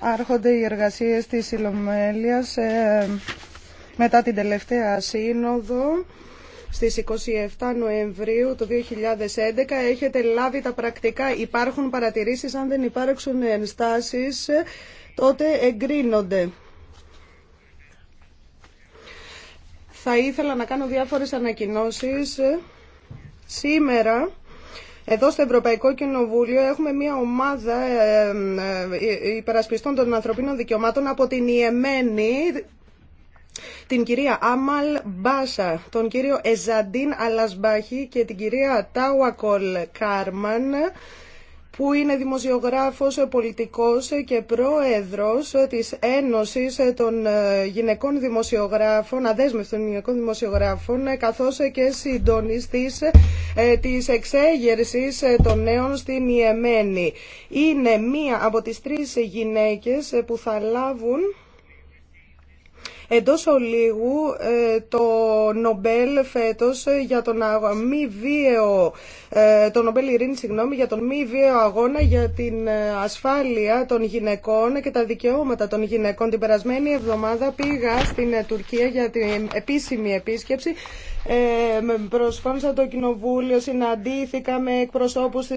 άρχονται οι εργασίες της Ιλομέλειας ε, μετά την τελευταία σύνοδο στις 27 Νοεμβρίου του 2011. Έχετε λάβει τα πρακτικά. Υπάρχουν παρατηρήσεις. Αν δεν υπάρξουν ενστάσεις, τότε εγκρίνονται. Θα ήθελα να κάνω διάφορες ανακοινώσεις. Σήμερα εδώ στο Ευρωπαϊκό Κοινοβούλιο έχουμε μια ομάδα ε, ε, υπερασπιστών των ανθρωπίνων δικαιωμάτων από την Ιεμένη, την κυρία Άμαλ Μπάσα, τον κύριο Εζαντίν Αλασμπάχη και την κυρία Τάουακολ Κάρμαν που είναι δημοσιογράφος, πολιτικός και πρόεδρος της Ένωσης των ε, Γυναικών Δημοσιογράφων, αδέσμευτων γυναικών δημοσιογράφων, καθώς και συντονιστής ε, της εξέγερσης ε, των νέων στην Ιεμένη. Είναι μία από τις τρεις γυναίκες που θα λάβουν Εντό ολίγου ε, το Νομπέλ για τον μη βίαιο, ε, το Νομπέλ Ειρήνη, συγγνώμη, για τον μη βίαιο αγώνα για την ε, ασφάλεια των γυναικών και τα δικαιώματα των γυναικών. Την περασμένη εβδομάδα πήγα στην Τουρκία για την επίσημη επίσκεψη. Ε, Προσφώνησα το κοινοβούλιο, συναντήθηκα με εκπροσώπους